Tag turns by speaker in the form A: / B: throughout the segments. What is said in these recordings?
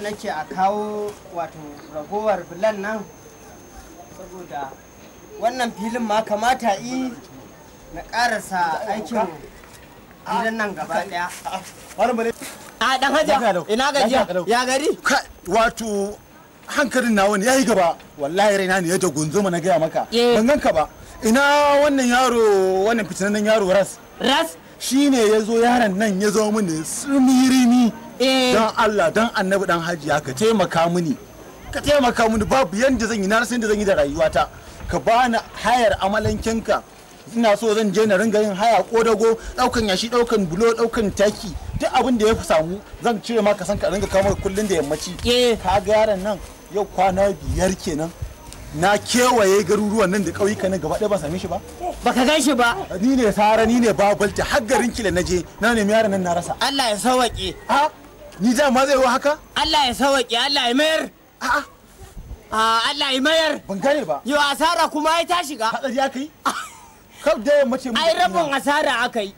A: nake a kawo wato ragowar bulan nan saboda wannan filin ma kamata yi na karasa aikin gidan nan gaba daya a dan haja ina
B: gajiya ya gari wato hankalin na wani yayi gaba wallahi raina ne ya ta gunzuma na gaya maka eh. ban ganka ba ina wannan yaro wannan fitinan yaro ras ras shine yazo yaron nan ya zo mini sirmirimi Eh. don Allah don annabi dan hajiya ka taimaka mini ka taimaka mini babu yanda zan yi na san da zan yi da rayuwata ka bani hayar amalankinka ina so zan je na ringa yin haya ko dago daukan yashi daukan bulo daukan taki duk abin da ya fi samu zan cire maka san ka ringa kamar kullun da yammaci eh. ka ga yaron nan yau kwana biyar kenan na kewaye garuruwan nan da ƙauyuka nan gaba ɗaya ba same shi ba baka gan shi ba ni ne sara ni ne babalta har garin kila na je na nemi yaran nan na rasa Allah
A: ya sawaƙe ha ni da ma zai yi haka Allah ya sauke Allah ya mayar a'a Allah ya mayar ban gane ba yau asara kuma ya ta shiga hadari aka yi ah. kau da yamma ce ai rabin asara aka yi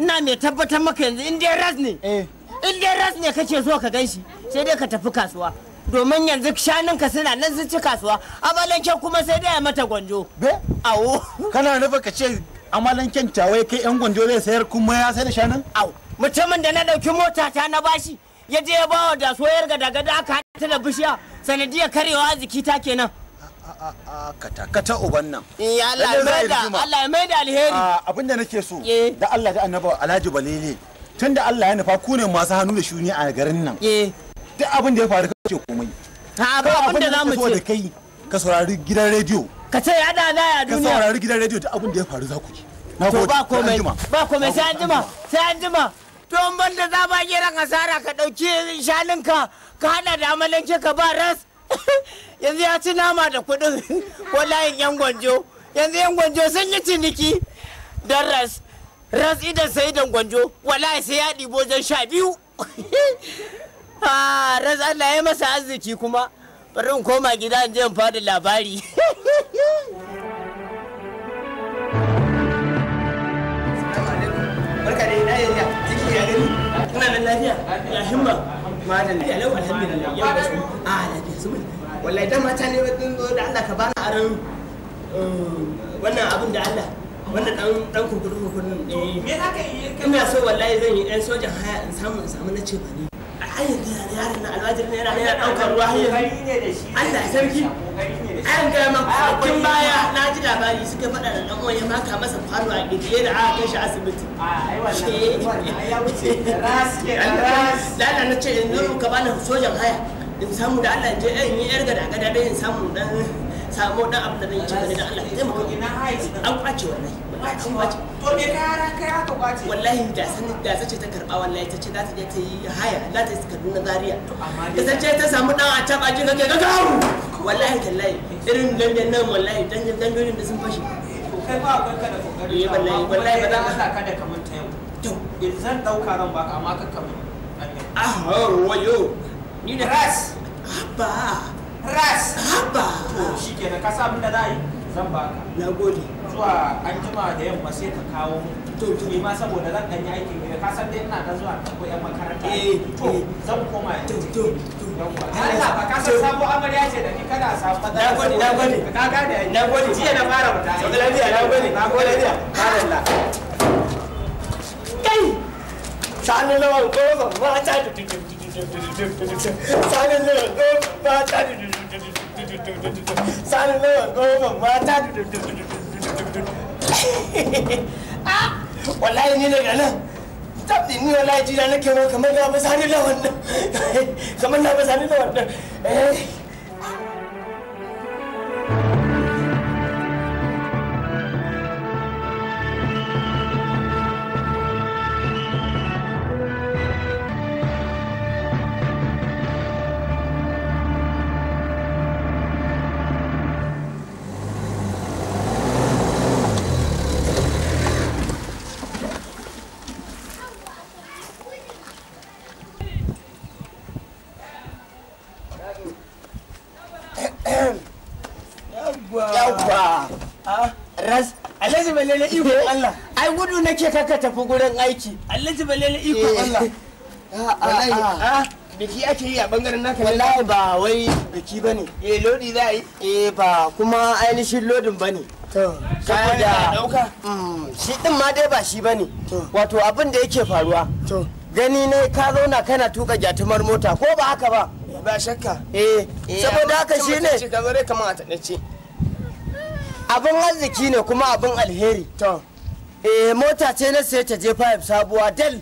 A: ina mai tabbatar maka yanzu in dai ras ne eh. in dai ras ne kake so ka ganshi sai dai ka tafi kasuwa domin yanzu shanun ka suna nan sun ci kasuwa amalanke kuma sai dai ya mata gwanjo be awo kana nufa ka ce amalanken tawaye kai yan gwanjo zai sayar kuma ya sai da shanun awo mutumin da na ɗauki mota ta na bashi ya je ya bawa da soyar ga daga da aka ta da bishiya sanadiyar karewa arziki ta kenan
B: kata kata uban nan eh, ya Allah ya
A: mai da alheri
B: abin da nake so eh. da Allah da annaba Alhaji Balele tun da Allah ya nufa ku ne masu hannu da shuni a garin nan eh. duk abin da ya faru ce komai ha ba abin da zamu ce kai ka saurari gidan rediyo ka ce ya da na ya duniya ka saurari gidan rediyo duk abin da ya faru za ku ji na gode ba komai
A: ba komai sai an jima sai an jima don banda da za ba geran asara ka ɗauki shanunka ka haɗa da amalanke ka ba ras yanzu ya ci nama da kuɗin layin yan gwanjo yanzu yan gwanjo sun yi ciniki don ras ras idan sai da gwanjo wallahi sai ya ɗibo zan sha biyu ah, ras Allah ya masa arziki kuma bari in koma gida in je in fada labari ana nan lafiya ya himma lau alhamdulillah ya a ah, lafiya su wallahi mata ne da Allah ka bani aran eh, wannan abin da Allah wannan dan dan kurkurun eh me zaka yi ina so wallahi zan yi dan sojan haya in samu in samu na ce ba ayin da yarin na alwajir ne yana ne daukar ruwa hayya Allah sarki ayin ga ma kin baya na ji labari suka faɗa da dan ya maka masa faru a gidiye da aka kai shi asibiti ai wannan ya wuce ras ke ras lalla na ce in yanzu ka bani sojan haya in samu da Allah je in yi yar gada gada in samu dan samu dan abu da zan ci da Allah ya taimaka ina haya an kwace wannan an kwace to me kara kai aka kwace wallahi da san da sace ta karba wallahi tace za ta je ta yi haya za ta yi Kaduna Zaria da sace ta samu dan a can aji kake ga gawo wallahi tallahi irin dandan nan wallahi dandan dandan da sun fashe. to kai ba akwai kada kokari eh, wallahi wallahi ba za ka da kamar ta yau to zan dauka ran baka amma ka kamar ah wayo ni ras haba ras haba to shikenan ka sa da za a yi zan baka na an jima da yamma sai ka kawo to to ma saboda zan aikin ka san dai ina zuwa makaranta to zan
B: koma to to to Allah ba ka san
A: sabo amarya da ni kada sabo na gode na gode na fara lafiya na gode na gode lafiya Allah kai sanin lawan ko ba ta नि के भन्न घमै न nake kaka tafi gurin aiki ji balele iko eh. Allah
C: ah, ah, wallahi
A: ah. biki ake yi a bangaren naka wallahi ba wai biki bane eh lodi za yi eh ba kuma ainihin lodin bane to saboda mm, shi din ma dai ba shi bane wato abin da yake faruwa to gani ne ka zauna kana tuka jatumar mota ko ba haka ba ba shakka eh, eh saboda haka shine ka zo dai kamar a taɗace abin arziki ne kuma abin alheri to eh mota ce na sai ta je fayif sabuwa del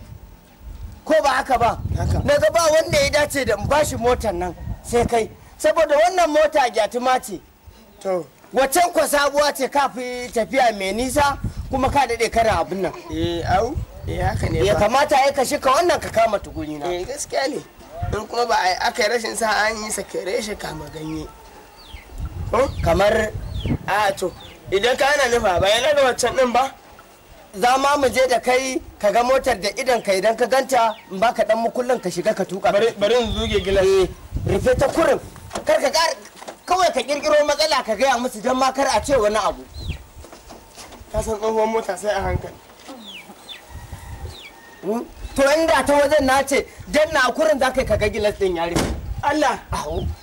A: ko ba haka ba na ga ba wanda ya dace da in bashi motar nan sai kai saboda wannan mota gyatuma ce to waccan kwa sabuwa ce kafi tafiya mai nisa kuma ka dade kana abin nan eh au eh haka ne ya kamata ya kashi ka wannan ka kama tuguni na eh gaskiya ne in kuma ba aka yi rashin sa an yi sakere shi kama ganye kamar a to idan ka ana nufa ba ya da wancan din ba za ma mu je da kai ka ga motar da idan ka idan ka ganta in ka dan mukullin ka shiga ka tuka bari in zuge gilas eh rufe ta kurin kar ka kawai ka kirkiro matsala ka gaya musu ma kar a ce wani abu ka san tsohon mota sai a hankali hmm? to inda ta wajen na ce dan na kurin za kai ka ga gilas din ya rufe Allah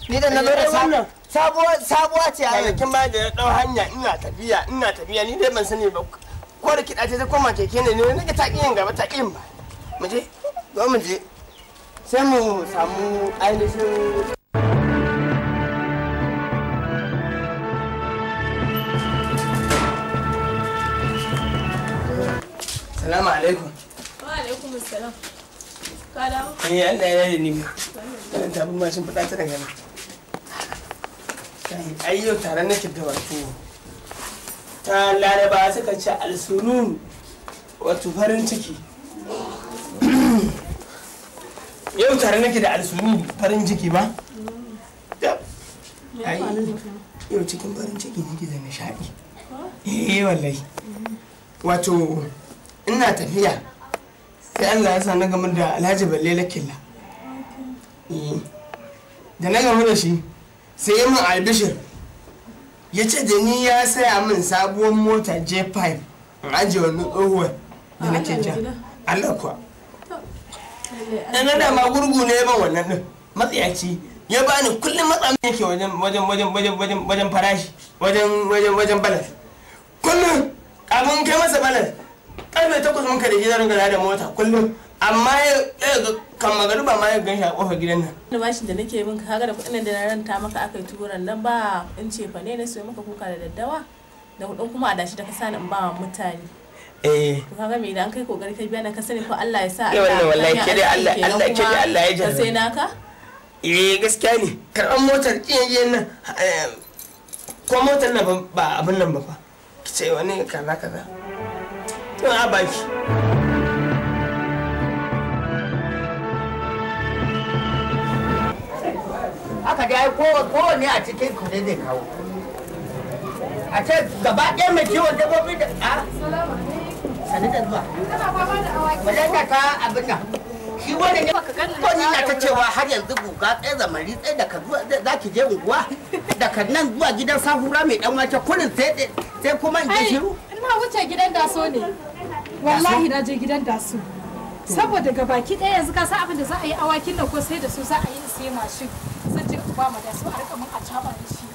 A: ni da na lura eh, sabuwa sabuwa ce a yankin ma da ya dau hanya ina tafiya ina tafiya ni dai ban sani ba ko da kiɗa ta koma keke ne ne ga taƙi yin gaba taƙi yin ba mu je zo mu je sai mu samu ainihin Salamu alaikum.
D: Wa alaikum salam. Ka dawo?
A: Eh Allah ya yi ni. Dan tabu ma sun ta daga nan. Ai yau tare nake da wato ta laraba suka ce alsunun wato farin ciki yau tare nake da alsunun farin ciki ba yau cikin farin ciki nake da nishaɗi eh wallahi wato ina tafiya sai Allah ya sa na gamar da Alhaji Balle Lakilla eh, da na gamu da shi sai yi min albishir ya ce da ni ya saya min sabuwar mota j5 in ajiye wani tsohuwar da nake ja allah kuwa ɗan ma gurgu ne ban wannan din matsayaci ya bani kullum matsa min yake wajen wajen wajen wajen wajen farashi wajen wajen wajen balas kullum abin kai masa balas karfe takwas muka da gidan gana da mota kullum amma kan magaru ba ma ya gan a kofar gidan nan.
D: da bashin da nake bin kaga da kuɗin da na ranta maka aka yi turan nan ba in ce fa ne na sayo maka kuka da daddawa da kuɗin kuma a dashi da ka sani in ba mutane. eh kaga me idan kai kokari kai biya na ka sani ko Allah ya sa eh, Allah wannan wallahi ke da Allah Allah ke da Allah ya jarrabe sai naka
A: eh gaskiya ne karban motar kiyayen nan eh, ko motar nan ba abin nan ba fa ce wani kaza kaza tun a baki aka ga kowanne a cikin ku ne kawo a ce gaba ɗaya mai kiwon dabbobi da a zuwa ta abin nan
D: shi wani ne ko ni na ta cewa har yanzu
A: guga tsaye zamari tsaye da ka zuwa za ki je unguwa daga nan zuwa gidan sahura mai ɗan wake kurin sai kuma in je shiru
D: ina wuce gidan ne wallahi na je gidan dasu saboda ga baki ɗaya yanzu ka san abin da za a yi awakin nan ko sai da su za a yi sai mashin zan je ba ma dasu a rika mun a caba da shi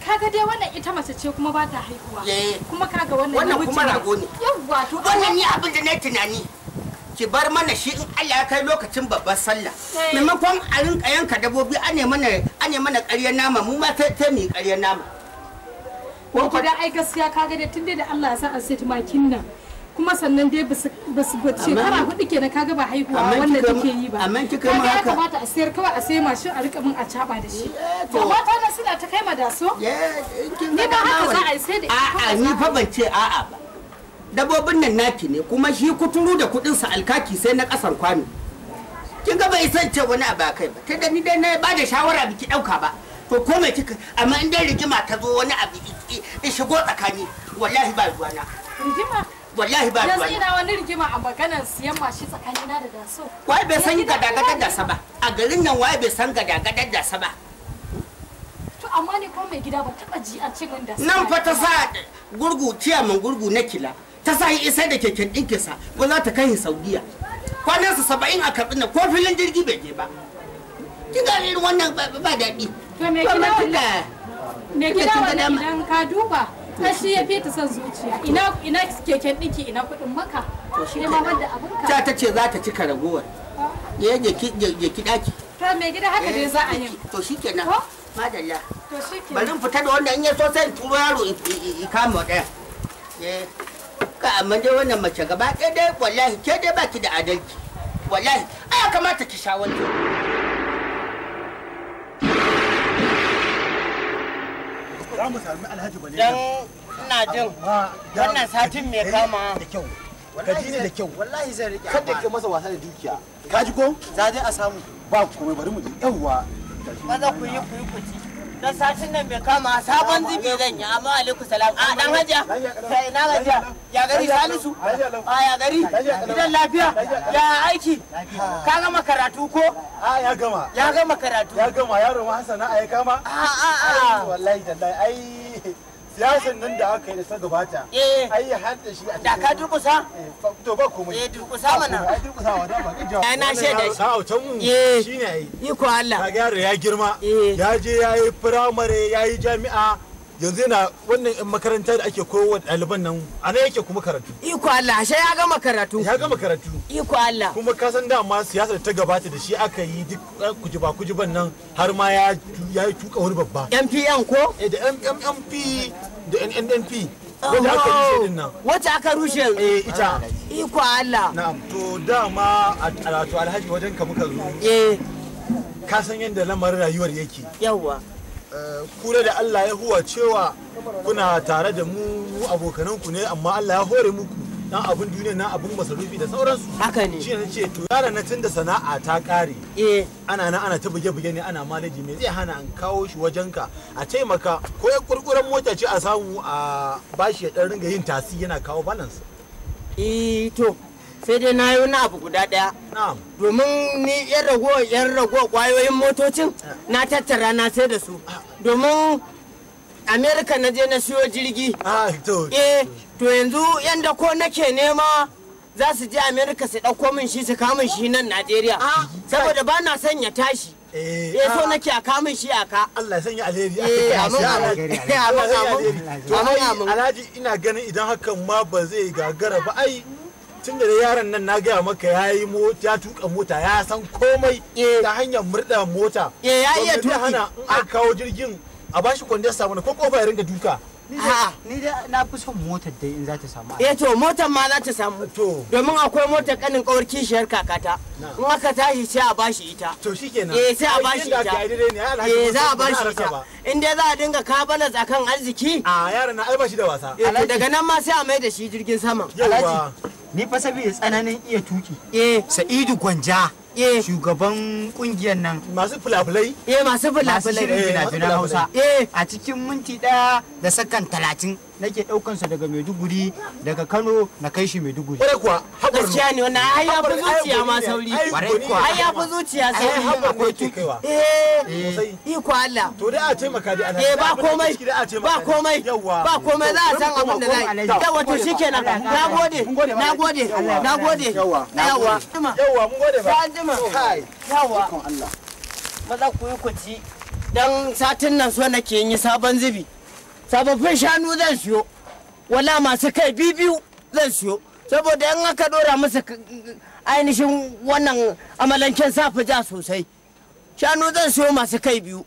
D: kaga dai wannan ita mace ce kuma ba ta haihuwa eh. kuma kaga wannan wannan kuma rago ne yawwa to wannan ni abin da
A: na tunani ki bar mana shi in Allah ya kai lokacin babbar sallah eh. maimakon a rinka yanka dabobi ane mana ane mana ƙaryar nama mu ma sai ta mi ƙaryar nama
D: ko da ai gaskiya kaga da tunde da Allah ya sa an sai makin nan kuma sannan dai basu shekara hudu kenan kaga ba haihuwa wannan take yi ba amma kika ma haka kamata a sayar kawai a sayar mashin a rika min a caba da shi eh, to mata na suna ta kai madaso ni ba haka za a sai da a'a ni
A: fa ban ce a'a ba dabobin nan naki ne kuma shi kuturu da kudin sa alkaki sai na kasar kwano kin ga bai sance ce wani abu kai ba tunda ni dai na ba da shawara biki dauka ba to ko mai kika amma in dai rigima ta zo wani abu shigo tsakani wallahi ba ruwana rigima wallahi ba yanzu ina
D: wani rigima a maganar siyan mashi tsakanina da daso
A: wai bai san gadagadan dasa ba a garin nan wai bai san gadagadan dasa ba
D: to amma ne ko mai gida ba taba ji a cikin da nan fa ta sa
A: gurgu tiya mun gurgu na kila ta sa yi isa da keken ɗinkinsa ko za ta kai saudiya kwanansa saba'in a karɓi na ko filin jirgi bai je ba
D: kin ga irin wannan ba daɗi to me gida wannan me wannan idan ka duba ta shi ya fita son zuciya ina keken ɗinki, ina kuɗin maka ne ta
A: ce za ta cika ragowar ya je ki to
D: gida
A: haka dai eh, za a yi to shikenan madalla to bari fita da wannan in ya so sai turo yaro in kama daya ka amma dai wannan mace gaba ɗaya dai wallahi ke dai baki da adalci wallahi ai kamata ki sha wannan
B: za mu sami alhaji bane dan ina jin wannan satin mai kama da kyau ka ji da kyau wallahi zan rike kada ka masa wasa da dukiya ka ji ko za dai a samu ba komai bari mu je
A: yawwa maza ku yi ku yi ku ci na satin nan mai kama sabon zubi zan yi amma alaiku salam a dan hajiya sai na gajiya ya gari salisu a ya gari idan lafiya ya aiki ka gama karatu ko a ya gama
B: ya gama karatu ya gama yaro ma hasana a ya kama a a a wallahi tallahi ai siyasan nan da aka yi da sa gabata eh. ai har da shi a da ka durkusa eh, to ba komai eh durkusa mana ai durkusa wa da ba ga jawo na she da shi sa'a can mu eh. shine ai iko Allah ka yaro ya girma ya je yayi primary yayi jami'a yanzu yana wannan yan makaranta da ake wa ɗaliban nan a nan yake kuma karatu
A: iko Allah shi ya gama karatu
B: ya gama karatu iko Allah kuma ka san siyasa da ta gabata da shi aka yi duk eh, kujiba ban nan har ma ya ya tuka wani babba MPN ko eh da MMP da NNP wanda aka rushe din nan wacce aka rushe eh ita iko Allah na'am to dama a alhaji wajen ka muka zo eh ka san yadda lamarin rayuwar yake yawwa kure da Allah ya huwa cewa kuna tare da mu abokananku ne amma Allah ya hore muku na abin duniya na abin masarufi da sauransu haka ne shi ne ce to yaran na tunda sana'a ta kare eh ana nan ana ta buge buge ne ana malaji me zai hana an kawo shi wajenka a taimaka ko ya kurkuren mota ce a samu a bashi ya dan ringa yin tasi yana kawo balance eh to
A: sai dai na yi wani abu guda daya domin ni yan rago yan rago kwayoyin motocin eh. na tattara na sai da su ah. domin amerika na je na siyo jirgi ah, eh to yanzu yanda ko nake nema za su je amerika su ɗauko min shi su kamun shi nan najeriya ah, saboda ba na son tashi e so nake a kamun shi a ka Allah sanya alheri a amin
B: amin alhaji ina ganin idan hakan ma ba zai gagara ba ai tun da yaron nan na gaya maka ya yi mota ya tuka mota ya san komai eh. ta hanyar murda mota eh, ya iya tuki hana in aka kawo jirgin a bashi kwandarsa mana ko kofa ya ringa duka
A: ni da na fi son mota dai in za ta samu eh to motan ma za ta samu domin akwai mota kanin kawar kishiyar kakata in aka tashi sai a bashi ita to shikenan eh sai a bashi ita eh za a bashi ita in dai za a dinga a tsakan arziki a yaran na albashi da wasa eh, daga nan ma sai a mai da shi jirgin sama alhaji ni fa saboda tsananin iya tuki eh sa'idu gwanja eh shugaban kungiyar nan masu fulafulai eh masu fulafulai masu shirin fina hausa eh a cikin minti daya da sakan talatin nake daukan sa daga Maiduguri daga Kano na kai shi Maiduguri kwarai kuwa gaskiya ne wannan ai ya fi zuciya ma sauri kwarai kuwa ai ya fi zuciya sauri akwai kaiwa.
C: eh,
B: eh. iko Allah to dai a taimaka da Allah. eh ba komai ba komai ba komai za a san abin da zai yawa to shikenan Na Na gode. gode. Na gode. yawa yawa
A: yawa mun gode ba an jima kai yawa Allah maza ku yi ku ci dan satin nan so nake yin sabon zubi sababbin shanu zan siyo wala masu kai biyu zan siyo saboda yan aka dora masa ainihin wannan amalancen safi ja sosai shanu zan siyo masu kai biyu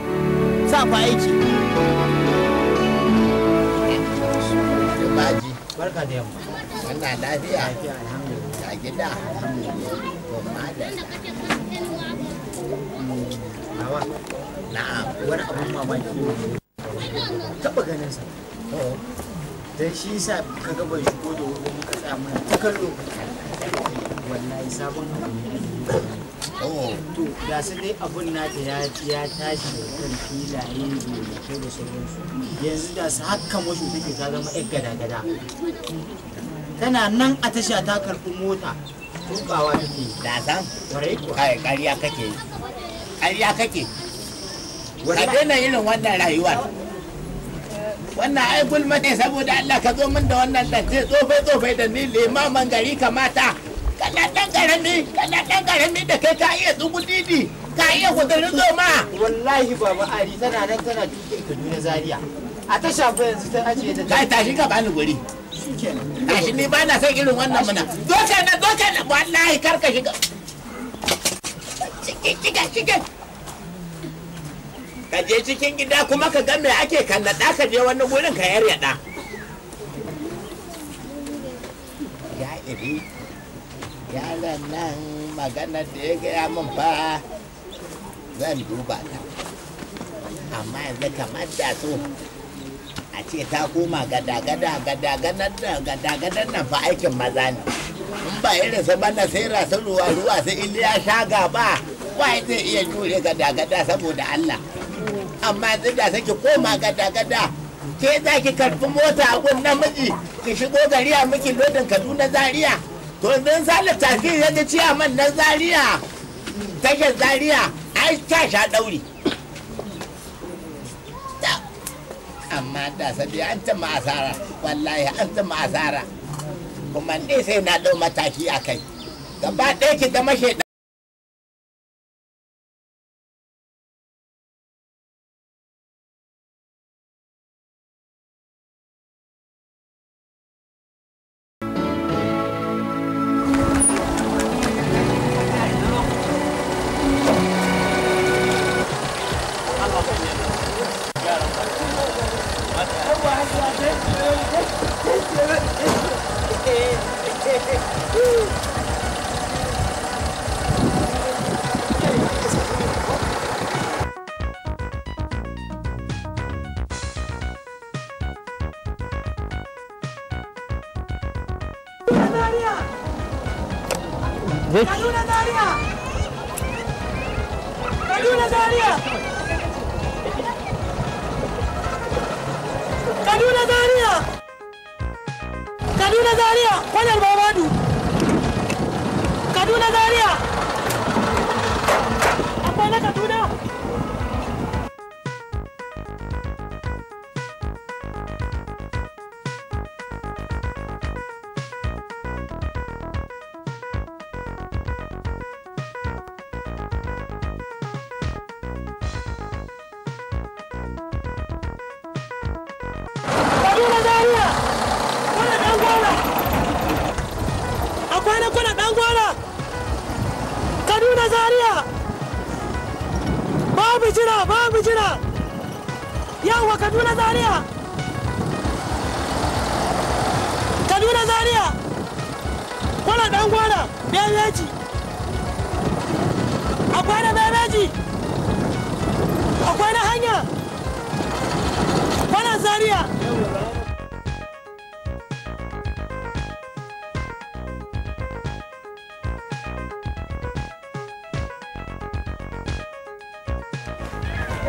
A: safi aiki na'am wani abun mamaki taɓa ganin sa oh. shi ka ga bai shigo da wuri muka tsaya mana ta kallo wallahi sabon oh. to ga su dai abun na ta ya tashi da kan filaye gonakai da sauransu yanzu da su haka mashi take ta zama yar gada-gada tana nan a tasha ta karɓi mota tukawa take da kai ƙarya kake ƙarya kake ka daina irin wannan rayuwar wannan ai gulma ne saboda Allah ka zo min da wannan dan sai tsofai tsofai da ni limaman gari kamata kana dan karami kana dan karami da kai ka iya didi ka iya kudurin zoma wallahi baba ari tana nan tana tuke kaduna zaria a ta shafa yanzu ta ajiye ta kai tashi ka bani guri tashi ni ba na son irin wannan muna zo kana zo kana wallahi kar ka shiga shiga shiga ka je cikin gida kuma ka ga me ake da ka je wani gurin ka yar yaɗa ya iri ya nan magana da ya gaya min fa zan duba ta amma yanzu kamar da so a ce ta koma gada-gada gada gada gada-gada nan fa aikin maza ne in ba irin su bana sai rasu ruwa-ruwa sai iliya shaga ba ba zai iya jure gada-gada saboda allah amma yanzu da sai koma gada gada ke za ki karfi mota a gun namiji ki shigo gari a miki lodin kaduna zaria to zan sale tafi ya ga man na zaria tashar zaria ai ta sha dauri amma da sabi an ta asara wallahi an ta asara kuma ne sai na dau mataki a kai gaba ɗaya ki zama shaidan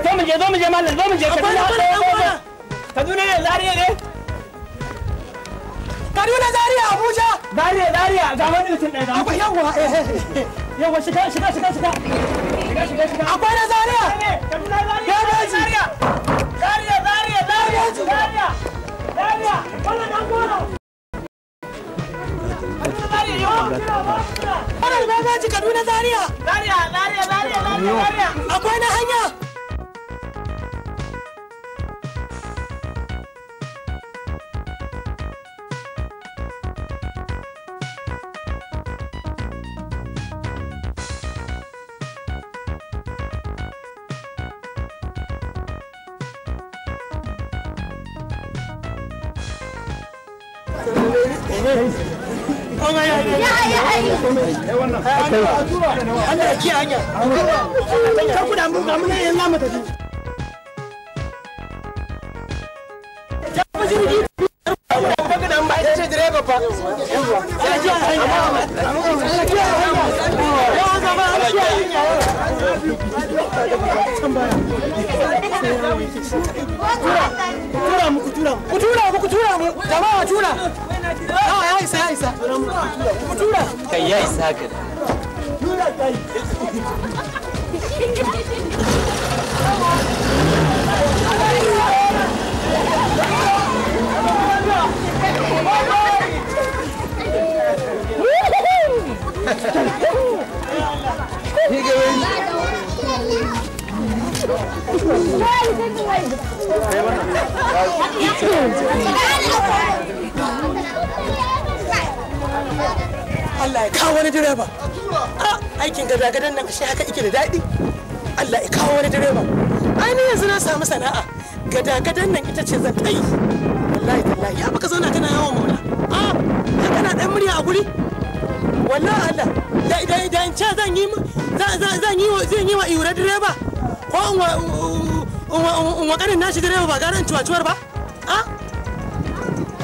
A: zo mu je zo mu je malam zo mu je kaduna kaduna ne zariya ne kaduna zariya abuja zariya zariya ga wani mutum ɗaya akwai yawa yawa shiga shiga shiga shiga akwai na zariya
C: kaduna zariya zariya
A: zariya zariya zariya zariya zariya wannan dan gora Kaduna Zaria. Zaria, Zaria, Zaria, Zaria. Akwai na
C: hanya. Allah ya kiyaye hanya. Kan ku da mu ga
B: mun
A: yanzu mu tafi. Allah ya kawo wani direba. Aikin gada-gadan nan shi haka ike da daɗi. Allah ya kawo wani direba. Ainihin yanzu na samu sana'a. Gada-gadan nan ita ce zan kai yi. Wallahi tallahi ya baka zauna kana yawon maula. A kana ɗan murya a guri? Wallahi Allah. Da idan idan ce zan yi min zan yi wa iwurar direba ko in wa karin nashi direba ba garin cuwacuwar ba a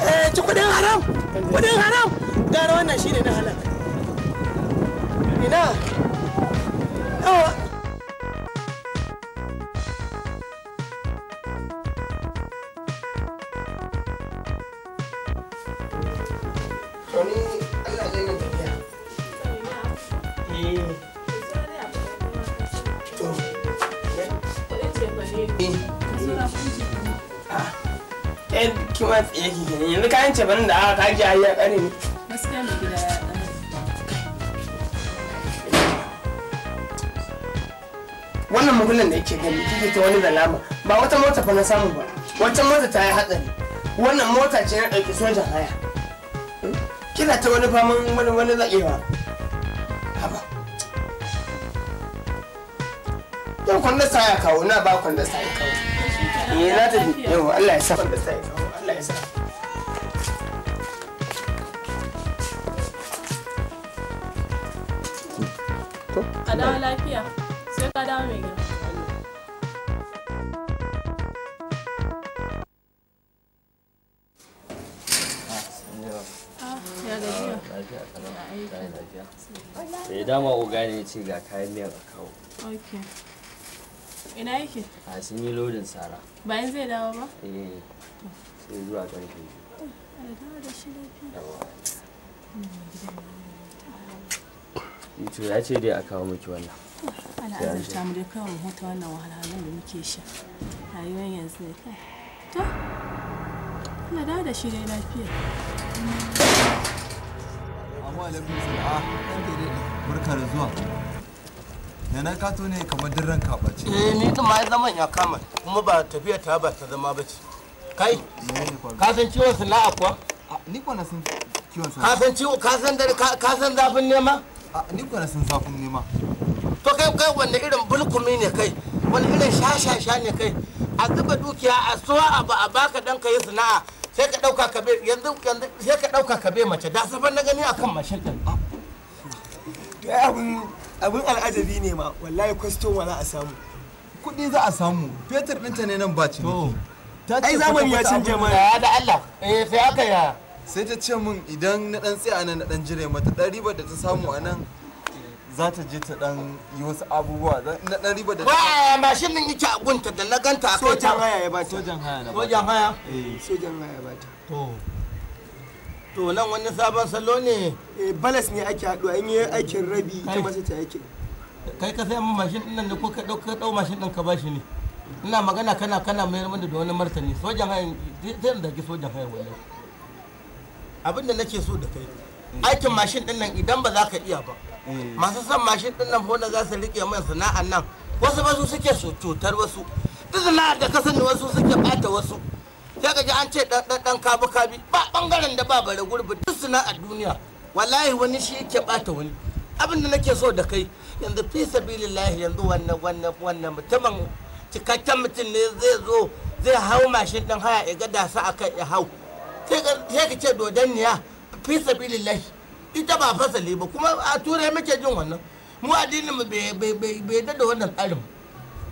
A: eh, ci kudin haram kudin haram gara wannan shine na halaka ina yawa duk kayan bane da aka kaji a ya kare ne wannan mugulan da yake gani kike ta wani zalama ba wata mota fa na samu ba wata mota ta yi hatsari wannan mota ce na ɗauki sojan haya hmm? kina ta wani faman wani wani zaƙewa haba yau kwandasa ya kawo na ba kwandasa ya kawo
D: eh na tafi yau Allah ya sa
A: kwandasa ya kawo
C: ko a dawo
D: lafiya sai ka dawo mai gida
C: ah, ya
D: ah, eh,
A: dama oga ne ce ga kayan miyan a kawo
D: Ok. ina yake
A: a sun yi lodin sara
D: bayan zai dawo ba
A: eh sai zuwa karfe biyu da
D: eh, dawo da shi lafiya
A: to ya ce dai a kawo miki wannan
D: ana azurta mu dai kawai mu huta wannan wahalhalun da muke sha rayuwar yanzu ne kai to ina dawo da shi dai lafiya
B: amma alaikum salam ɗan ke dai barka da zuwa Nana na kato ne kamar din ranka ce eh
A: ni din ma zaman ya kama kuma ba tafiya ta ba ta zama ba ce. kai ka san ciwon sana'a kuwa
C: ah, ni kuwa na san ciwon
B: sana'a
A: ka san ciwo ka san zafin nema ni kuwa sun zafin nema to kai kai wanne irin bulkumi ne kai wani irin shashasha ne kai a zuba dukiya a suwa abu a baka dan ka yi sana'a sai ka dauka ka bai yanzu sai ka dauka ka bai mace da safar na gani akan mashin din to abun abun al'ajabi ne ma wallahi kwastoma za a samu
B: kuɗi za a samu fetur ɗinta ne nan ba ci
A: ai zamani ya canja mana ya da
B: Allah eh sai aka ya sai ta ce min idan na dan tsaya nan na dan jire mata dan ribar da ta samu a nan za ta je ta dan yi wasu abubuwa na dan ribar da ta
A: ba mashin nan yake a da na ganta a sojan haya ya bata sojan haya na sojan haya eh. sojan haya bata to to nan wani sabon salo ne eh, balas ne ake haɗu. An yi aikin rabi ta masa ta aikin kai ka sai mashin din nan ne ko ka dau mashin din ka bashi ne ina magana kana kana mayar da wani martani sojan haya zai da ki sojan haya wallahi abin da nake so da kai aikin mashin din nan idan ba za ka iya ba masu son mashin din nan fona za su rike man sana'an nan wasu ba su suke so cutar wasu duk sana'ar da ka sani wasu suke bata wasu sai ka ji an ce dan dan kabi kabi ba bangaren da ba bare gurbi duk sana'ar duniya wallahi wani shi yake bata wani abin da nake so da kai yanzu fi sabilillahi yanzu wannan wannan wannan mutumin cikakken mutum ne zai zo zai hau mashin din haya ya ga dasa akan ya hau sai ka ce dodon niya fi lai ita ba fasali ba kuma a turai muke jin wannan mu addinin mu bai da wannan tsarin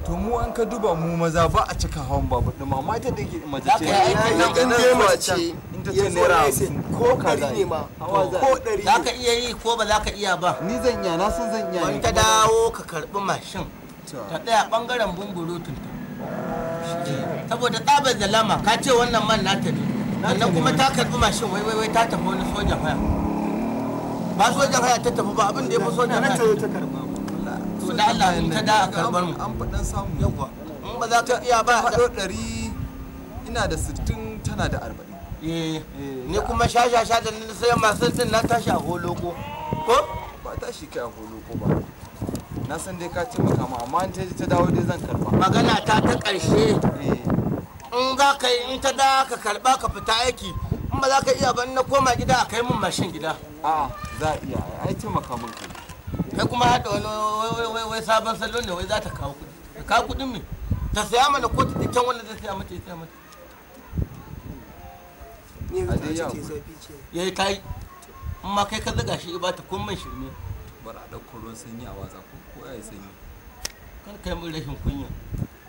A: to mu an ka duba mu maza ba a cika hawan babu din ma mata da ke mace ce ya ga nan mace naira ko kaza ne ma ko dari za ka iya yi ko ba za ka iya ba ni zan iya na san zan iya wani ta dawo ka karbi mashin ta daya bangaren bumburutun ta saboda tsabar zalama ka ce wannan man nata ne sannan kuma ta karbi mashin wai wai ta tafi wani sojan haya ba sojan haya ta tafi ba abin da ya fi sojan haya ta karba to da Allah in ta da a karbar mu an fadan samu yawa in ba za ka iya ba hado dari ina da 60 tana da 40 eh, eh. ne kuma shasha sha da sai masu din na tashi a holoko ko ba tashi kai a ko ba na san dai ka ce maka amma an ta dawo dai zan karba magana ta ta ƙarshe eh. in za ka yi in ta da ka karba ka fita aiki in ba za ka iya ba na koma gida a kai min mashin gida a za a iya ai taimaka min kai kai kuma haɗa wani wai wai sabon salo ne wai za ta kawo kuɗi Ka kawo kuɗin me ta saya mana ko ta kyan wanda zai saya mata ya saya mata ya yi kai in ma kai ka zaga shi ba ta kun min shirme
D: bara a ɗauko ruwan sanyi a watsa ko ya yi sanyi
A: kar kai min rashin kunya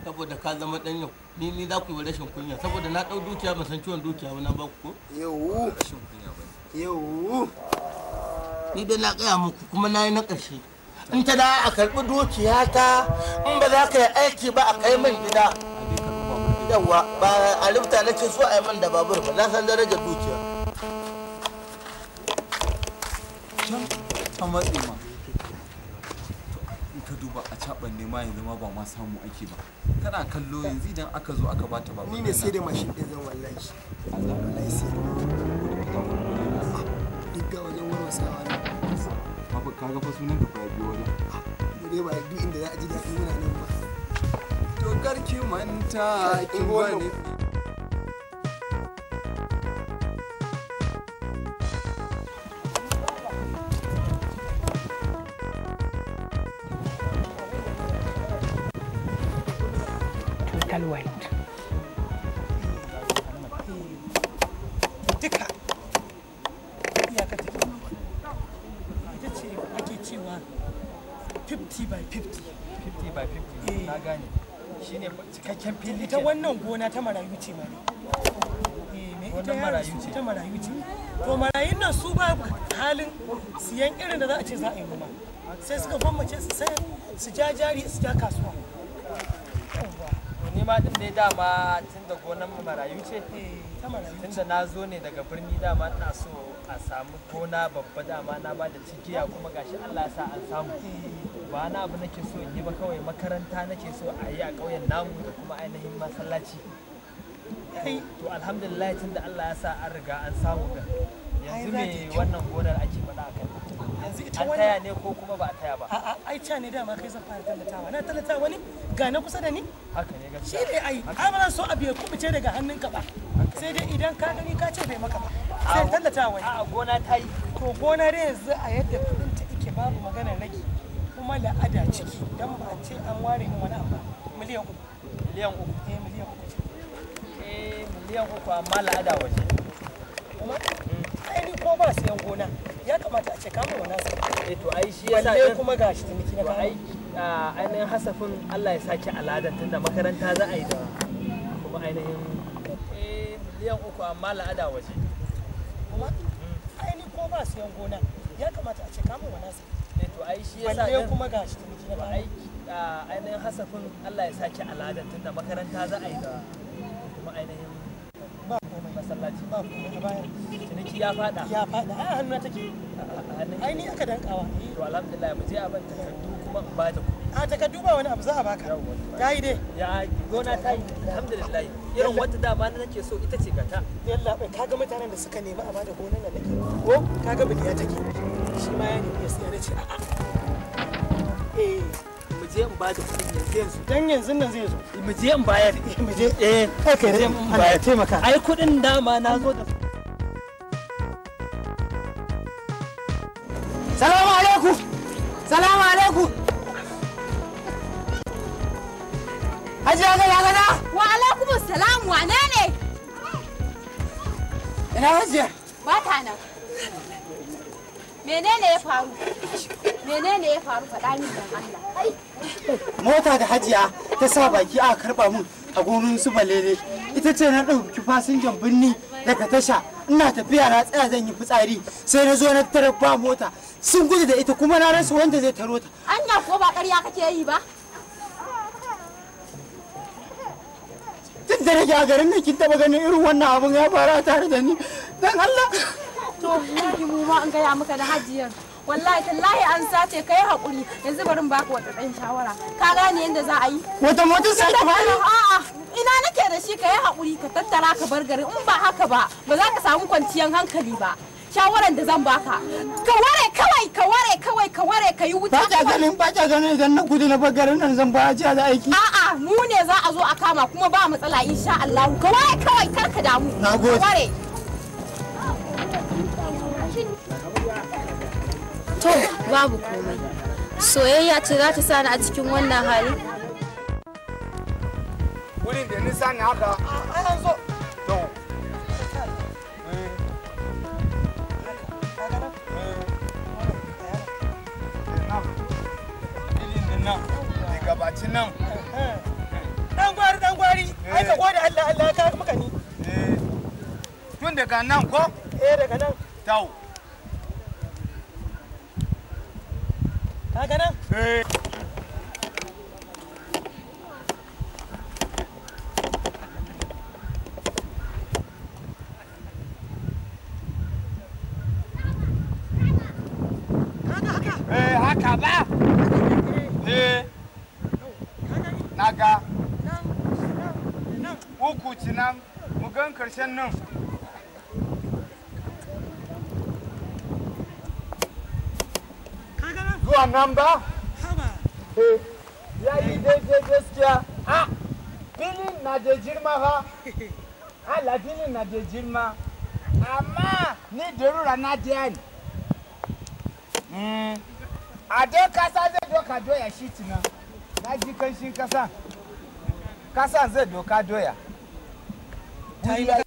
A: saboda ka zama ɗan yau ni ni za ku yi rashin kunya saboda na ɗau dukiya ban san ciwon dukiya ba na ba ku ko yau rashin yau ni dai na kaya muku kuma na yi na ƙarshe in ta da a karɓi dukiya ta in ba za ka yi aiki ba a kai min gida yawa ba a rubuta na ce so a yi man da babur ba na san darajar dukiya
B: can a ma caɓan ne ma yanzu ma ba ma samu ake ba kana kallo yanzu idan aka zo aka bata ba ni ne sai da mashin ɗin zan
A: wallahi Allah wallahi sai duk ga wajen wani wasawa ne
B: ba ka ga fa sunan ka fara
A: biyo wajen dai ba duk inda za a ji daɗi muna nan ba to karki manta ki wani total duka ita ce eh. wannan gona ta marayu ce eh, ita ta marayu ce to marayun nan su ba halin siyan irin da za a ce za a yi noma sai suka gwammace su su ja jari su ja kasuwa ni ma din dai dama tun da gonan marayu ce tun da na zo ne daga birni dama ina so a samu gona babba dama na ba da cikiya kuma gashi Allah sa an samu ba na abu nake so in yi ba kawai makaranta nake so a yi a ƙauyen namu da kuma ainihin masallaci to alhamdulillah tun da Allah ya sa an riga an samu yanzu me wannan gonar ake faɗa a kai yanzu ita wannan taya ne ko kuma ba a taya ba a'a ai ca ne dama kai zan fara tallatawa na tallata ne ga na kusa da ni haka ne gaskiya shi ne ai ai ba so abu ya kubuce daga hannunka ba sai dai idan ka gani ka ce bai maka ba sai tallata wani a gona ta yi to gona dai yanzu a yadda kudin ta ike babu magana rage kuma la'ada ciki dan ba ce an ware min wani abu miliyan uku miliyan uku eh miliyan uku ce eh miliyan uku amma la'ada waje kuma ai ko ba siyan gona ya kamata a ce ka mai wannan sai eh to ai shi yasa balle kuma gashi ciniki na kai ainihin hasafin Allah ya saki aladan tunda makaranta za a yi da kuma ainihin eh miliyan uku amma la'ada waje kuma ai ni ba siyan gona ya kamata a ce ka mai wannan sai eh to ai shi yasa balle kuma gashi ciniki na kai ainihin hasafin Allah ya saki aladan tunda makaranta za a yi da kuma ainihin ba komai masallaci ba komai a baya ciniki ya fada ya fada a hannu take ai ni aka dankawa eh, to alhamdulillah mu je a ban takardu kuma a takardu ba wani abu za a baka ya yi dai ya gona ta yi alhamdulillah irin wata dama na nake so ita ce gata yalla bai kaga mutanen da suka nemi a bada gonan nan nake ko kaga biliya take shi ma ya nemi ya a'a eh je in ba da kuɗin yanzu yanzu dan yanzu nan zai zo mu je in bayar mu je eh kai bayar taimaka ai kuɗin dama na zo da Salamu
D: alaikum Salamu alaikum Hajiya ga ya Wa alaikum salam wane ne Ina hajiya Ba ta nan Menene ya faru menene ya faru faɗa min dan Allah
A: mota da hajiya ta sa baki a karba mun a gonin su balele ita ce na ɗauki fasinjan birni daga tasha ina tafiya na tsaya zan yi fitsari sai na zo na tara ba mota sun gudu da ita kuma na rasa wanda zai taro ta
D: anya ko ba ƙarya kake yi ba
A: tun da nake a garin ne kin taba ganin irin wannan abin ya fara tare da ni
D: dan Allah to mu ma an gaya maka da hajiyar wallahi tallahi an sace kai hakuri yanzu bari in baka wata ɗan shawara ka gane yadda za a yi wata motar sai ta bani a'a ina nake da shi kai hakuri ka tattara ka bar gari in ba haka ba ba za ka samu kwanciyar hankali ba shawaran da zan baka ka ware kawai ka ware kawai ka ware ka yi wuta ba ganin ba
A: ganin idan na gudu na bagare nan zan ba ji da aiki
D: a'a mu ne za a zo a kama kuma ba matsala insha Allah ka ware kawai ka damu na gode to babu komai soyayya ce za ta sa a cikin wannan hali
B: wurin da nisa haka an
A: eh. gabacin nan dan gwari dan gwari ai ka eh. gode Allah Allah ka maka ni eh.
B: tun daga nan ko eh daga nan tau Pega tá, não. Ei. Kamba? Hama. Ya yi daidai gaskiya. A, filin na da girma ba. Ala filin na da girma.
A: Amma ni durura na diya ne. A hmm. don kasa zai doka doya shi tina. Na ji kanshin kasa. Kasa zai doka doya. Wuri yayi.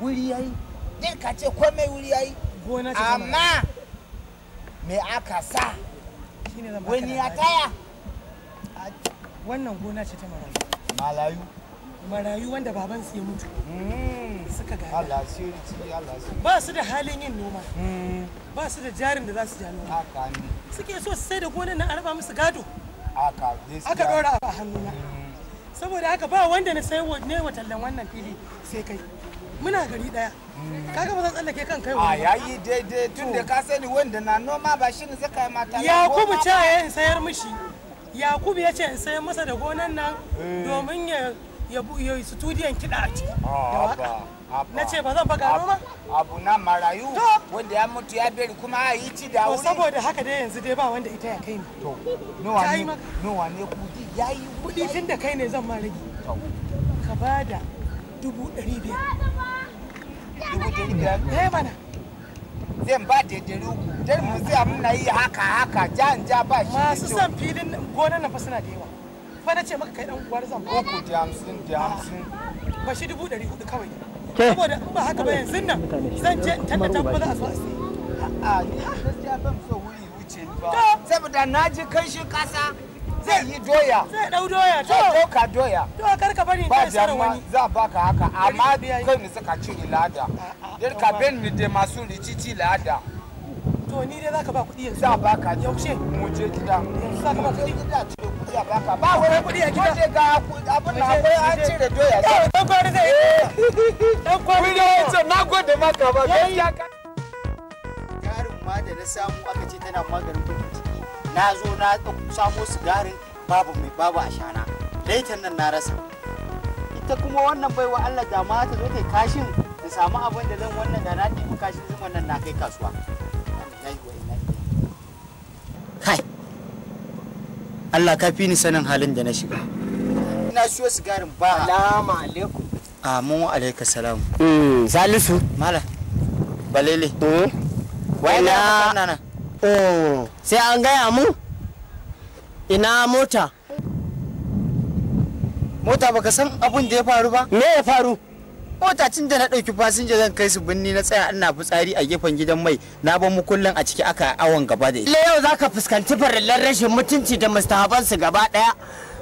A: Wuri yayi. Din ka ce komai wuri yayi. Gona me aka sa? wani ya kaya wannan gona ce ta marayu malayu marayu wanda baban su ya mutu hmm. suka gada Allah sirri Allah sirri ba su da halin yin noma hmm. ba su da jarin da za su ja noma suke so su sai da gonan na a raba musu gado aka dora a hannuna hmm. saboda haka ba wanda na sai ne watallan wannan fili sai kai muna gari daya mm. kaga ba zan tsallake kan kai wani a yayi daidai tun da ka sani wanda na noma ba shi ne zaka yi mata yakubu ce ya in sayar mishi yakubu ya ce in sayar masa da gonan nan eh. domin ya ya yi studiyon kiɗa a ciki ah, na ce ba zan ba gano ba abu na marayu wanda ya mutu ya beri kuma a yi ci da wuri saboda haka dai
B: yanzu dai ba wanda ita ya kai ni to nawa ne kudi ya
A: kudi tun da kai ne zan ma rage ka bada dubu ɗari biyar mana zan ba daidai uku dan mu sai muna yi haka haka jan ja ba shi masu san filin gonan nan fa suna da yawa fa na ce maka kai dan uwar zan ba ku da 50 da 50 ba shi 400 kawai saboda in ba haka ba yanzu nan zan je a a ni gaskiya ban so wuri wuce ba saboda na ji kai shi kasa zai yi doya zai dau doya to doka
B: doya to kar ka bari ba sai wani za baka haka amma kai ne saka cire lada ka ben ni masu lada to ni dai zaka ba kuɗi yanzu za baka yaushe mu je gida zaka ba kuɗi
A: gida cire kuɗi baka ba wani a gida ko je ga abin na akwai an cire doya sai dan kwari zai dan kwari ne na gode maka ba gaskiya ka karin ma da na samu aka ce tana maganin na zo na samo sigarin babu mai babu a shana laitan nan na rasa ita kuma wannan baiwa Allah da ma ta zo ta kashin ta samu abin da zan wannan da na ɗibi kashin zuma nan na kai kasuwa kai Allah ka fi ni sanin halin da na shiga ina siyo sigarin ba alama alaikum amin wa alaikum salam hmm, salisu mala balele eh hmm? wai na Oh. sai an gaya mun ina mota mota baka san abun da ya faru ba me ya faru mota tun da na ɗauki fasinja zan kai su binni na tsaya ina fitsari a gefen gidan mai na ban kullum a ciki aka awon gaba da ita yau zaka fuskanci farillan rashin mutunci da mustahaban su gaba daya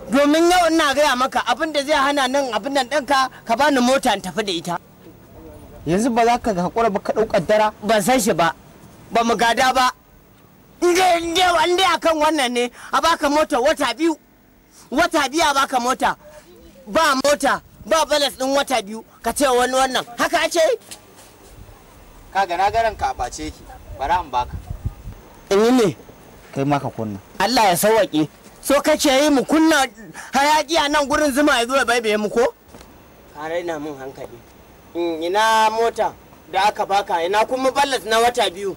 A: domin yau ina gaya maka abin da zai hana nan abin nan ɗanka ka bani mota in tafi da ita yanzu ba za ka hakura ba ka ɗau dara ban san shi ba ba mu gada ba inda wanda akan wannan ne a baka mota wata biyu wata biyu a baka mota ba mota ba balas din wata biyu ka ce wani wannan haka a ce kaga ga nagaran ka bace ki bari an baka in ne kai maka kunna Allah ya sauwaƙe so kace yi mu kunna hayakiya nan gurin zuma ya zo ya baibaye mu ko ka raina min hankali ina mota da aka baka ina kuma ballas na wata biyu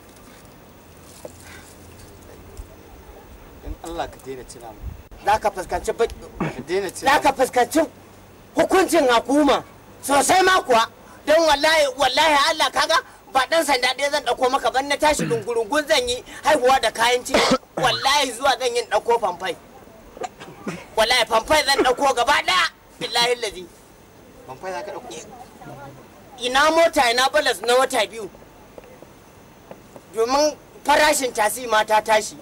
A: Allah ka daina tuna mu za ka fuskanci za ka fuskanci hukuncin hukuma sosai ma kuwa don wallahi wallahi Allah kaga ba dan sanda ɗaya zan ɗauko maka ban na tashi dungurungun zan yi haihuwa da kayan ci wallahi zuwa zan yi ɗauko fanfai. wallahi fanfai zan ɗauko gaba ɗaya billahi lazi Fanfai za ka ina mota ina balas na wata biyu domin farashin tasi ma ta tashi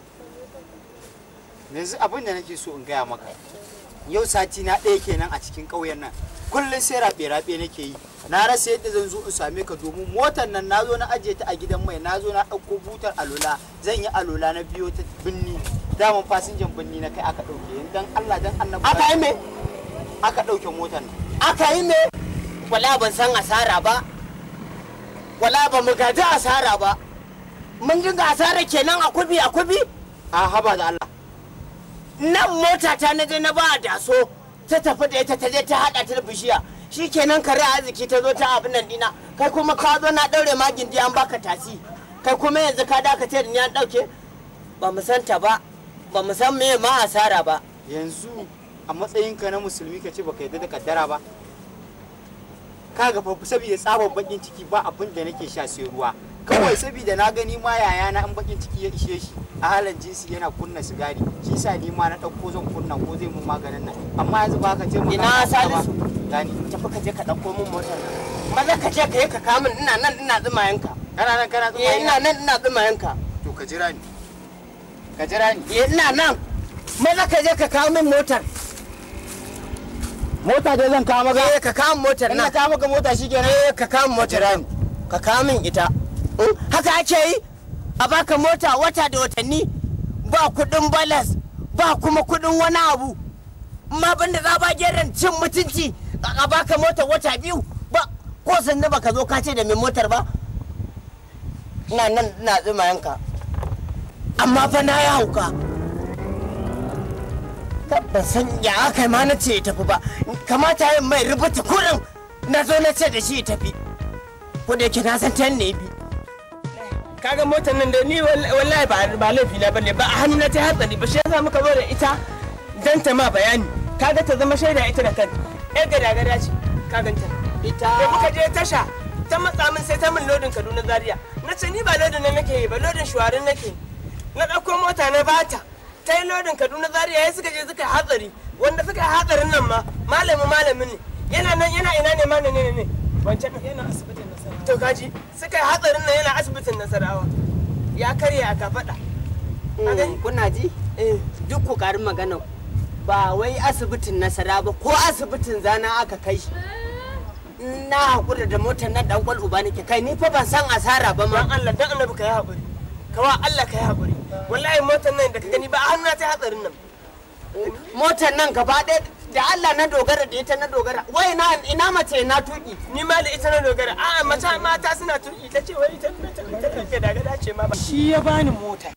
A: yanzu abin da nake so in gaya maka yau sati na ɗaya kenan a cikin ƙauyen nan kullum sai rabe-rabe nake yi na rasa yadda zan zo in same ka domin motar nan na zo na ajiye ta a gidan mai na zo na ɗauko butar alola zan yi alola na biyo ta binni daman fasinjan binni na kai aka ɗauke yin dan Allah dan annabi aka yi me aka ɗauke motar nan aka yi me wala ban san asara ba wala ba mu gaji asara ba mun dinga asara kenan a kubi a kubi a haba da Allah nan mota ta na je na ba daso ta tafi da ita ta je ta hada ta bishiya shi shikenan kare arziki ta zo ta abin nan dina kai kuma ka zo na daure ma gindi an baka tasi kai kuma yanzu ka daka ce ni an dauke ba mu san ta ba ba mu san me ma asara ba yanzu a matsayinka na musulmi ka ce baka yarda da kaddara ba kaga fa saboda tsabar bakin ciki ba abin da nake sha sai ruwa kawai saboda na gani ma yayana in bakin ciki ya ishe shi ahalan jinsi yana kunna sigari shi sa ni ma na dauko zan kunna ko zai mun maganin nan amma yanzu ba ka je mu ina salisu gani tafi ka je ka dauko mun motar nan maza ka je ka yi ka kamun ina nan ina zuma yanka kana nan kana zuma eh, ina nan ina zuma yanka to ka jira ni ka jira ni eh, ina nan maza ka je ka kawo min motar mota dai zan kawo maka eh ka kawo motar nan ina kawo maka mota shikenan eh ka kawo motar ka kawo min ita hmm, haka ake yi a baka mota wata da watanni ba kudin balas ba kuma kudin wani abu ma banda za ba geran cin mutunci a baka mota wata biyu ba ko sanda baka zo ka ce da mai motar ba na nan na zuma yanka amma fa na ya hauka ban san ya aka ma na ce ya tafi ba kamata yin mai rubuta kurin na zo na ce da shi ya tafi ko da yake na san ta ne bi kaga motar nan da ni wallahi ba laifi na bane ba a hannu na ta hatsari ba shi yasa muka zo da ita dan ta ma bayani kaga ta zama shaida ita da kanta ai gada gada ce ka ganta ita da muka je tasha ta matsa min sai ta min lodin Kaduna Zaria na ce ni ba lodin nan nake ba lodin shuwarin nake na dauko mota na bata ta yi lodin Kaduna Zaria ya suka je suka hatsari wanda suka hatsarin nan ma malamin malamin ne yana nan yana ina ne ma ne ne ne wancan yana asibitin to gaji suka yi hatsarin nan yana asibitin nasarawa ya karya a kafaɗa mm. kuna ji eh. duk ku ƙarin magana ba wai asibitin nasara ba ko asibitin zana aka kai shi na haƙura da motar na ɗan uba nake kai ni fa ban san asara ba ma Allah dan annabi ka yi kawa Allah kai hakuri wallahi motar nan da ka gani ba a hannu ta hatsarin nan motar nan gaba ɗaya da Allah na dogara da ita na dogara wai na ina mace na tuki ni ma da ita na dogara a'a mace mata suna tuki ta ce wai ita ta kake da gada ce ma ba shi ya bani mota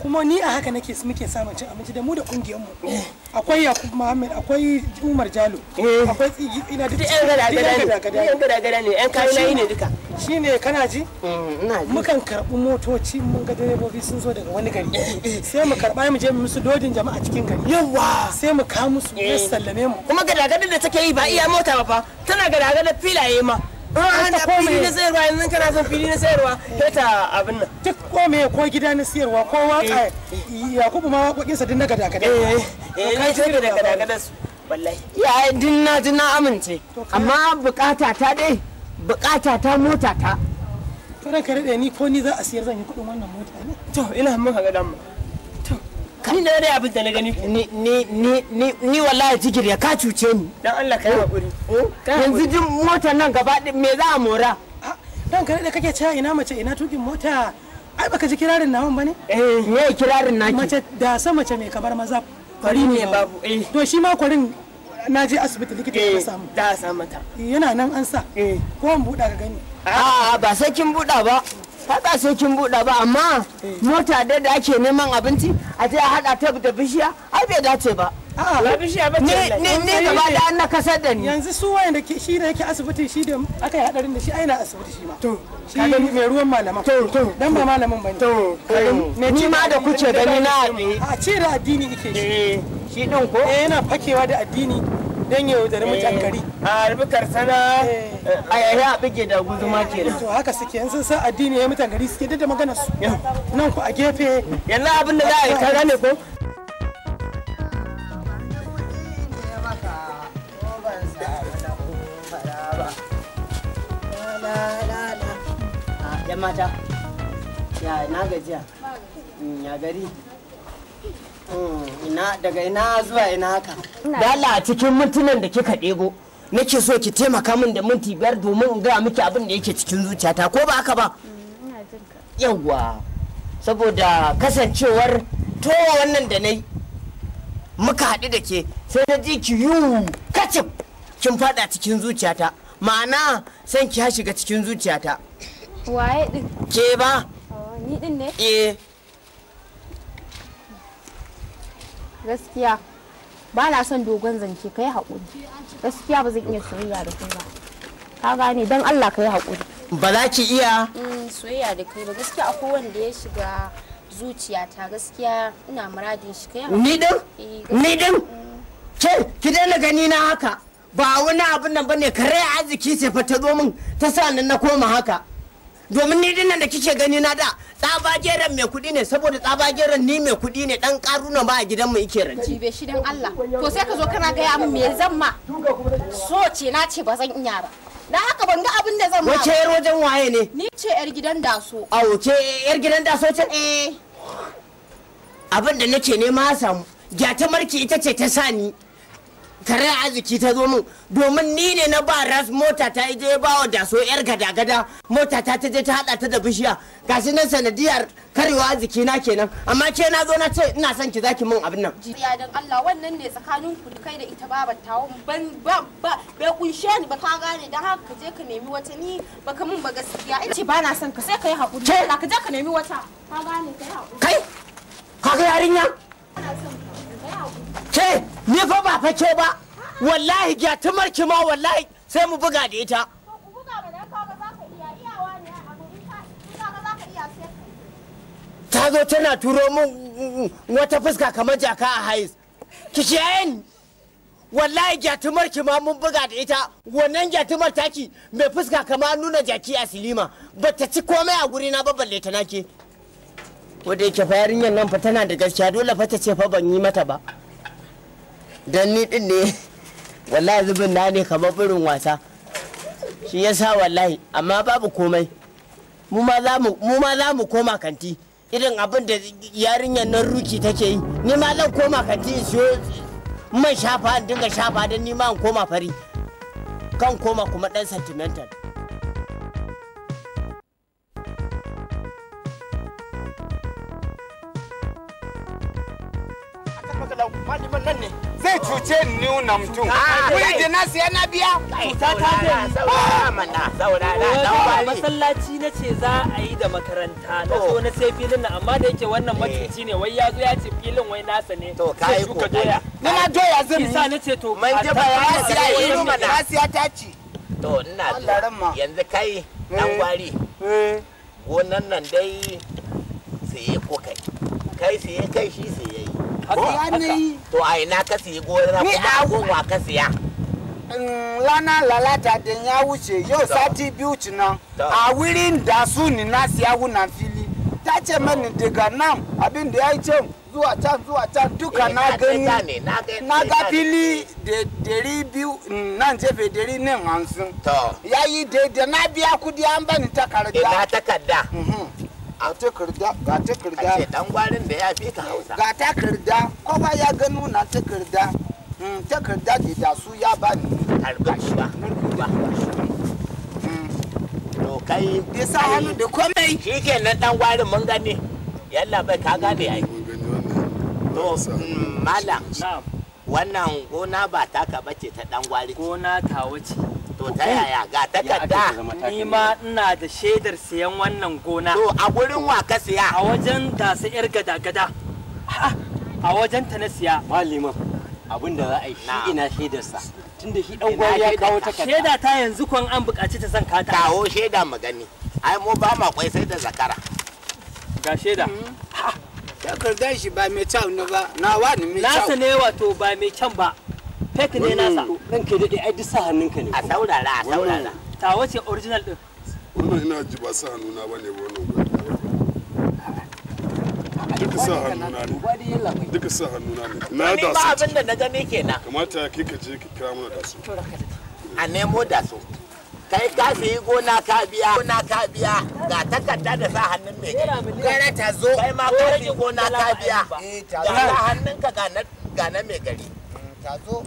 A: kuma ni a haka nake muke samun cin abinci da mu da kungiyar mu akwai Yakub Muhammad akwai Umar Jalo eh. akwai tsigi ina duk yan gada gada ne yan gada gada ne yan kayan ne duka shine kana ji mm, mukan karbi motoci mun ga direbobi sun zo daga wani gari eh, eh, sai mu karba mu je mu musu dodin jama'a cikin gari yawa sai mu ka musu yasa sallame mu kuma gadagadar da take yi ba iya mota ba fa tana gadagadar filaye ma in an fili na sayarwa yanzu kana son fili na sayarwa ke ta abin nan duk ko me ko gida na sayarwa ko waka eh. yakubu ma wakokin sa din na gada eh eh, eh na sai da gadagadar su wallahi ya din na din na amince amma bukata ta dai bukata ta mota ta kada ka rade ni ko ni za a sayar zan yi
D: kudin wannan mota ne
A: to ina mun ga dan mu kai na ne abin da na gani ni ni ni ni ni wallahi jigir ya ka cuce ni dan Allah kai hakuri eh? yanzu din motar nan gaba me za a mora dan kare da kake cewa ina mace ina tukin mota ai baka ji kirarin nawan bane eh me kirarin naki mace da sa mace me kabar maza kwari ne babu eh to shi ma kwarin na je asibiti likita ya eh, samu da sa mata yana nan an sa eh ko an buɗa ka gani a'a ba sai kin buɗa ba haka sai kin buɗa ba amma eh. mota da da ake neman abinci a je a haɗa ta da bishiya ai bai dace ba ah, a bishiya ba ce ne ne gaba da an kasar da ni yanzu su wayanda da ke shi da yake asibiti shi da aka yi hadarin da shi ai na asibiti shi ma to shi mai ruwan malama to to dan ba malamin bane to ni ma da kuce gani na a ce da addini yake shi eh, shi din ko eh yana fakewa da addini don yau da mutan gari eh, eh. a rubutar sana a yayi a bige da guzuma kenan to haka suke yanzu san addini ya mutan gari suke da magana su nan ku a gefe yanzu abin da za a yi ka gane ko Ya mata ya na gajiya mm, ya gari Hmm, daga ina zuwa ina haka dala a cikin mintunan da kika ɗebo nake so ki taimaka min da minti biyar domin in gaya miki abin da yake cikin zuciyata ko ba haka ba hmm, yawwa saboda kasancewar to wannan da yi muka haɗu da ke sai na ji ki yi kacif kin faɗa cikin zuciyata ma'ana san ki shiga cikin zuciyata
D: waye ɗin? ke ba oh, ni ɗin ne eh gaskiya ba na son dogon zance ka yi haƙuri gaskiya ba zan iya soyayya da kai ba ka gane don Allah ka yi haƙuri
A: ba za ki iya
D: mm, soyayya da kai ba gaskiya akwai wanda ya shiga zuciyata gaskiya ina muradin shi kai ni din eh,
A: ni din ke ki daina gani na haka ba wani abin nan bane kare arziki sai fa ta zo min ta sa na koma haka domin ni dinnan da kike gani na da tsabageren mai kuɗi ne saboda tsabageren ni mai kuɗi ne dan karuna ba a gidanmu ike rance
D: jibe shi dan Allah to sai ka zo kana gaya min me zan ma so ce na ce ba zan iya ba na haka ban ga abin da zan ma wace yar wajen waye ne ni ce yar gidan daso a wace yar gidan daso ce eh
A: abin da nake ne ma samu marki ita ce ta sani tare arziki ta zo min domin ni ne na ba ras mota ta je ba wa daso yar gada-gada mota ta ta je ta hada ta da bishiya gashi nan sanadiyar karewa arziki na kenan amma ke na zo na ce ina son ki zaki mun abin nan
D: Ya dan Allah wannan ne tsakanin ku kai da ita babar tawo ban ba ba bai kunshe ni ba ka gane dan haka ka je ka nemi wata ni baka min ba gaskiya ce ba na son ka sai ka yi hakuri ka je ka nemi wata ka gane ka yi hakuri kai ka ga yarinya ana son ke ni fa ba fa ke ba wallahi
A: gyatumar ki ma wallahi sai mu buga da ita ta zo tana turo
D: min
A: wata fuska kamar jaka a hais ki shayin wallahi gyatumar ki ma mun buga da ita wannan gyatumar taki mai fuska kamar nuna jaki a silima ba ta ci komai a guri na ba balle ta nake wadda yake fa yarinyar nan fa tana da gaskiya dole fa ta ce fa ban yi mata ba dan ni din ne wallahi zubin na ne kamar burin wasa shi sa wallahi amma babu komai mu ma za mu koma kanti irin abin da yarinyar nan ruki take yi ni ma zan koma kanti in siyo man shafa in dinga shafa don ni ma in koma fari kan koma kuma dan sentimental Zai cuce ni nuna mutum. Kuri da na siya na biya. Cuta ta zai. Masallaci na ce za a yi da makaranta. Na so na sai filin na amma da yake wannan eh. macuci ne wai ya zo ya ce filin wai nasa ne. To ka yi doya. Ni na doya zan yi. Kisa na ce to. Man jaba ya siya ilu mana. Ya siya ta ci. To ina yanzu kai dan eh. gwari. Eh. Gonan nan dai sai ko kai. Kai sai kai shi sai yi. Kasiya ne yi. To a ina ka siyi gora kuma a goma ka siya. Lana mm, lalata da ya wuce yau sati biyu cinan a wurin da su ni na siya wunan fili. Ta ce mani daga nan abin da ya yi can zuwa can zuwa can duka eh, na gani na ga fili da dari biyu mm, nan jefe dari nan hansun. Ya yi daidai na biya kudi an bani takarda. Ina takarda. Mhm. a takarda ga takarda a dan gwarin da ya fi ka hausa ga takarda kowa ya gano na takarda hmm, takarda da da su ya ba ni albashiwa ba to kai isa hannu da komai shikenan dan gwarin mun gane yalla bai ka gane ai to malam wannan gona ba taka bace ta dan gwari gona tawa ce To ta yaya ga takarda? Ni ma ina da shaidar sayan wannan gona. To a gurin wa ka siya? A wajen su yar gada-gada. A wajen ta na siya. malima abinda za a yi shi ina shaidarsa. Tunda shi dan gwari ya kawo takarda. Shaida ta yanzu kun an buƙaci ta zan kata. Kawo shaida magani. Ai mu ba ma kwai sai da zakara. Ga shaida. Mm-hmm. Takardar shi ba mai kyau na ba. Nawa ne mai kyau. na sanewa wato ba mai kyau ba. fake ne nasa ɗan ke daɗe ai duk sa hannunka ne a saurara a saurara ta wace original din. wannan ina ji ba sa hannuna ba ne wannan duka sa hannuna ne duka sa hannuna ne na da su ba abin da na game kenan kamata ke ka je ka kira mana da su a nemo da su kai ka sayi gona ka biya gona ka biya ga takarda da sa hannun mai gari gara ta zo kai ma ka sayi gona ka biya ga hannunka ga na mai gari ta zo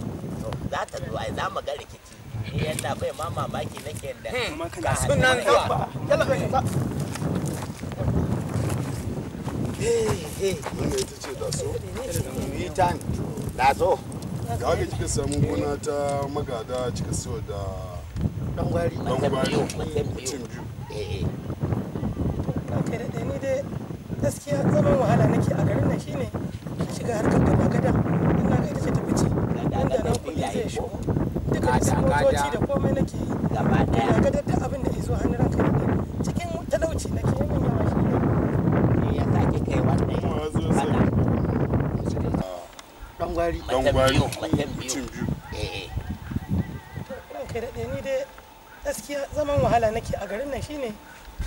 A: za ta zo ai za mu ga rikici ni yadda bai ma mamaki nake da ka sunan zuwa yalla ka
B: da so da haka kika samu gona ta
A: magada kika siyo da dangwari dangwari mutum biyu eh, eh. kare da ni dai gaskiya zaman wahala nake a garin nan shine shiga harkar da magada ya shigo duka da motoci da komai nake yi gaba ga abin da ke hannun ranka cikin talauci nake yi min yawa shi ne ya sake kai wannan dan gwari dan gwari mutum biyu eh, eh. ranka da ni dai gaskiya zaman wahala nake a garin nan shine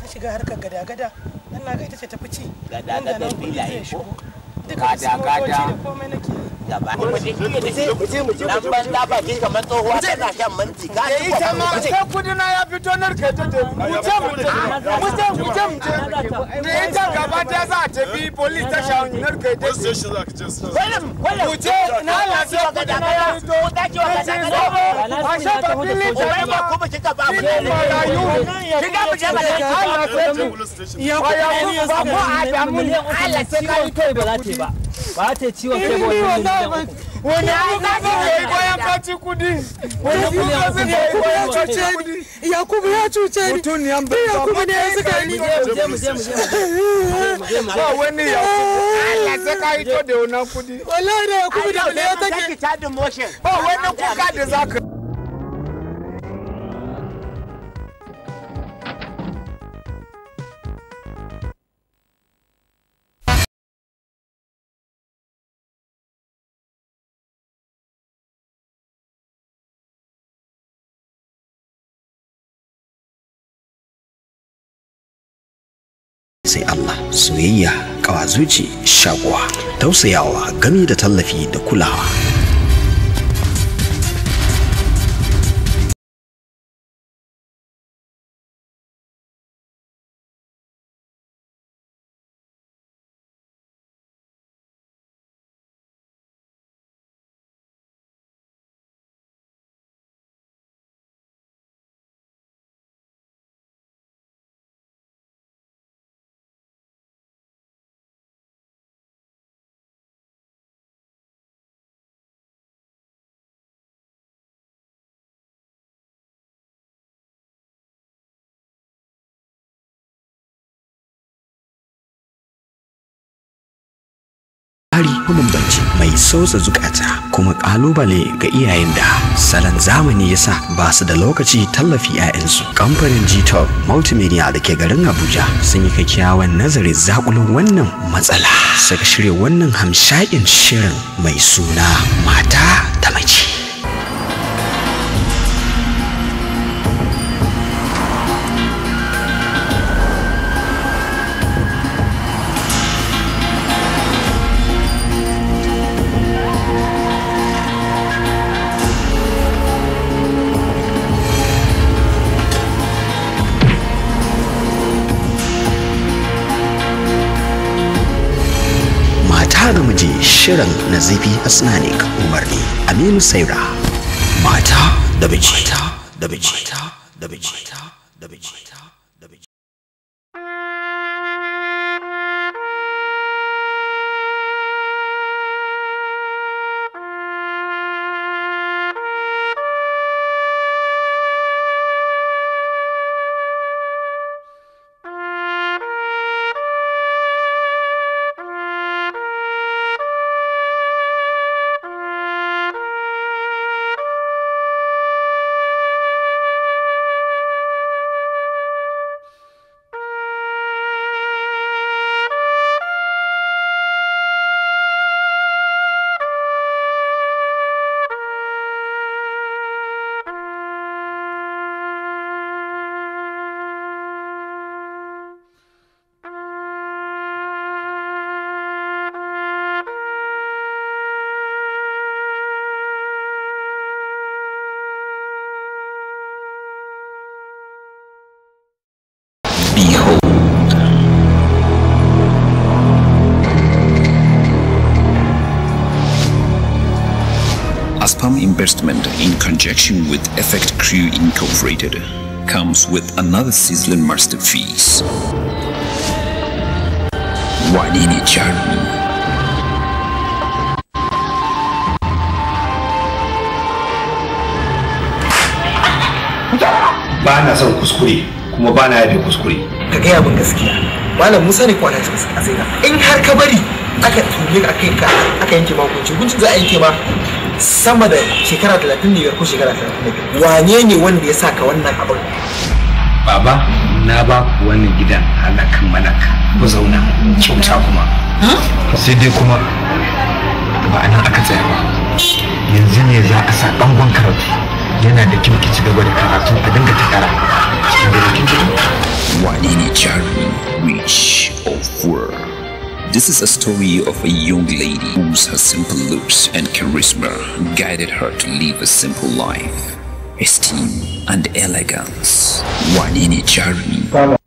A: na shiga harkar gada-gada dan na ga ita ce ta fici gada-gada ko gaba nan ban da baki kamar tsohuwa tana shan minti ka ci eh, ita ma
B: ya fito ta ah, ah, ah, ta gaba ta za a tafi ta
A: na ya a fili ta ba kuma kika ba mu ne kika mu je ba ya kuma ba mu a damu Allah kai ba ba ta ciwon kai ba wani kuka zai yi goyon faci kudi
B: wani kuka zai yi goyon faci kudi ya cuce ni mutum ya mbe yakubu ne ya saka ni
A: ba wani yakubu Allah sai da wannan kudi wallahi da yakubu da ya take ba wani kuka da zaka sai Allah soyayya kawa zuci shakuwa tausayawa gami da tallafi da kulawa mai sosa zukata kuma kalubale ga iyayen da salon zamani yasa ba su da lokaci tallafi 'ya'yansu kamfanin gtop multimedia da ke garin abuja sun yi kyakkyawan nazarin zakulun wannan matsala suka shirya wannan hamshakin shirin mai suna mata ta mace shirin nazifi asnanik umarni aminu saira mata da bijita da bijita da bijita da bijita comes with another sizzling masterpiece. One in a charm. ba na son kuskure kuma ba na yafe kuskure ka gaya bin gaskiya malam musa ne kwana cikin a sai in har ka bari aka tuni aka
B: yi ka aka yanke ma hukunci hukuncin za a yanke ma sama da shekara 30 ne ko shekara 32
A: wane ne wanda ya saka wannan abin baba na ba ku wannan gidan halakan malaka ku zauna kyauta kuma sai dai kuma ba a nan aka tsaya ba yanzu ne za a sa bangon karatu yana da kyau ki ci gaba da karatu a dinga ta kara cikin da wani ne charlie witch of world This is a story of a young lady whose her simple looks and charisma guided her to live a simple life. Esteem and elegance, one in a journey.